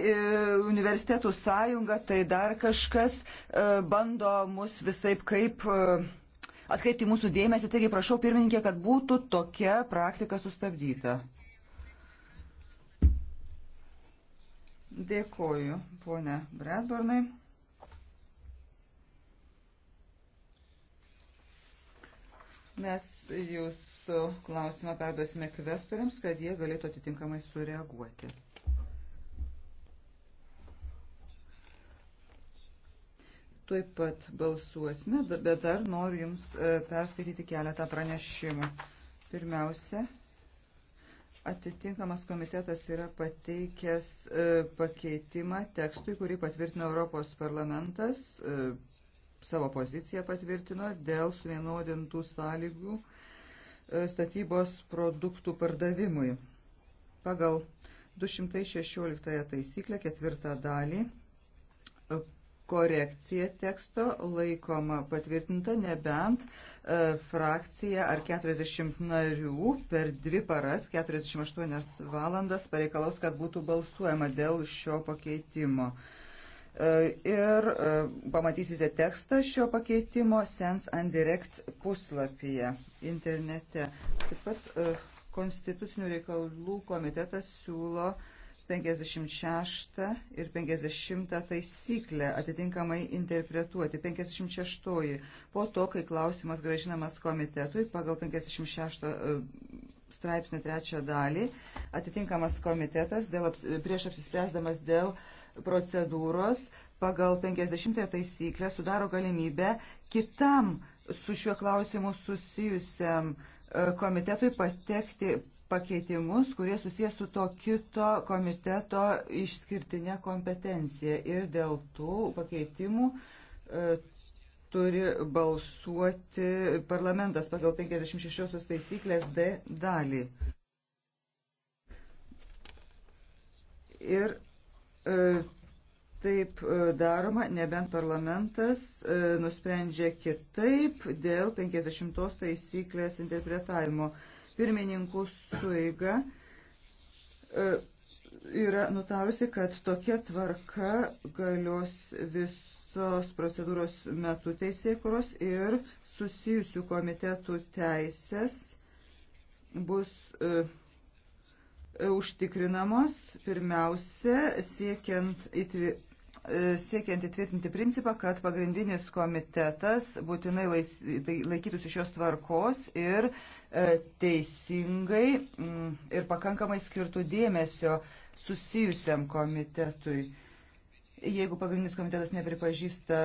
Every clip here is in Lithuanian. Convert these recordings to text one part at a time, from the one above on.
E, universitetų sąjunga, tai dar kažkas e, bando mus visaip kaip e, atkreipti mūsų dėmesį. Taigi prašau pirmininkė, kad būtų tokia praktika sustabdyta. Dėkoju, ponė Bradbornai. Mes jūsų klausimą perduosime kvestoriams, kad jie galėtų atitinkamai sureaguoti. tuoj pat balsuosime, bet dar noriu Jums e, perskaityti keletą pranešimų. Pirmiausia, atitinkamas komitetas yra pateikęs e, pakeitimą tekstui, kurį patvirtino Europos parlamentas, e, savo poziciją patvirtino dėl suvienodintų sąlygų statybos produktų pardavimui. Pagal 216 taisyklę ketvirtą dalį korekcija teksto laikoma patvirtinta, nebent e, frakcija ar 40 narių per dvi paras, 48 valandas pareikalaus, kad būtų balsuojama dėl šio pakeitimo. E, ir e, pamatysite tekstą šio pakeitimo Sense and Direct puslapyje internete. Taip pat e, Konstitucinių reikalų komitetas siūlo e, 56 ir 50 taisyklę atitinkamai interpretuoti. 56. Po to, kai klausimas gražinamas komitetui pagal 56 e, straipsnių trečią dalį, atitinkamas komitetas dėl, prieš apsispręsdamas dėl procedūros pagal 50 taisyklę sudaro galimybę kitam su šiuo klausimu susijusiam e, komitetui patekti pakeitimus, kurie susijęs su to kito komiteto išskirtinė kompetencija. Ir dėl tų pakeitimų e, turi balsuoti parlamentas pagal 56 taisyklės D dalį. Ir e, taip e, daroma, nebent parlamentas e, nusprendžia kitaip dėl 50 taisyklės interpretavimo. E, pirmininkų suiga e, yra nutarusi, kad tokia tvarka galios visos procedūros metu teisėkuros ir susijusių komitetų teisės bus e, e, užtikrinamos pirmiausia siekiant įtvirtinti E, siekiant įtvirtinti principą, kad pagrindinis komitetas būtinai tai laikytųsi šios tvarkos ir e, teisingai ir pakankamai skirtų dėmesio susijusiam komitetui. Jeigu pagrindinis komitetas nepripažįsta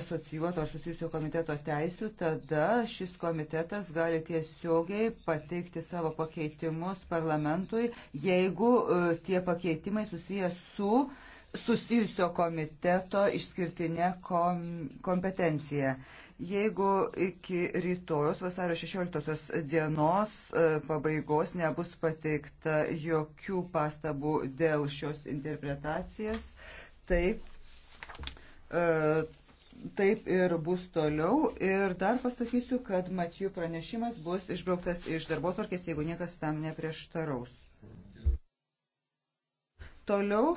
asocijuoto ar susijusio komiteto teisių, tada šis komitetas gali tiesiogiai pateikti savo pakeitimus parlamentui, jeigu e, tie pakeitimai susiję su uh, susijusio komiteto išskirtinė kom, kompetencija. Jeigu iki rytojos vasario 16 dienos e, pabaigos nebus pateikta jokių pastabų dėl šios interpretacijos, taip, e, taip ir bus toliau. Ir dar pasakysiu, kad Matijų pranešimas bus išbrauktas iš darbo tvarkės, jeigu niekas tam neprieštaraus. Toliau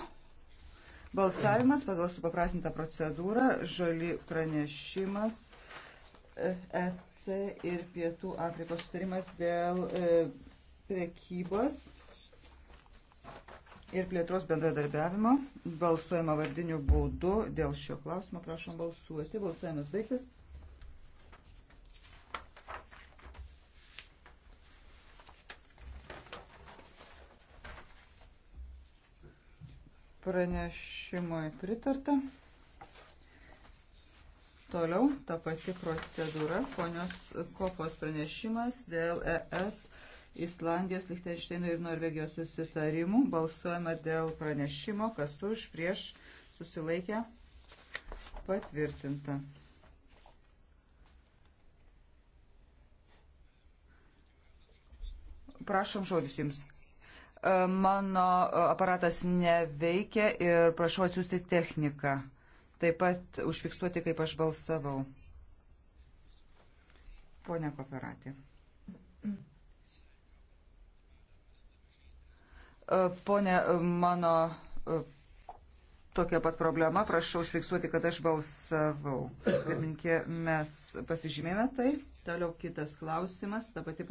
Balsavimas pagal supaprastintą procedūrą, žali pranešimas, EC e ir Pietų Afrikos sutarimas dėl e, prekybos ir plėtros bendradarbiavimo. Balsuojama vardiniu būdu dėl šio klausimo. Prašom balsuoti. Balsavimas baigtas. Pranešimui pritarta. Toliau ta pati procedūra, ponios Kopos pranešimas dėl ES Islandijos, Lichtenšteino ir Norvegijos susitarimų. Balsuojama dėl pranešimo, kas už prieš susilaikę patvirtinta. Prašom žodis jums. Mano aparatas neveikia ir prašau atsiųsti techniką. Taip pat užfiksuoti, kaip aš balsavau. Pone Koperatė. Pone, mano tokia pat problema, prašau užfiksuoti, kad aš balsavau. Pirminkė, mes pasižymėme tai. Toliau kitas klausimas, ta pati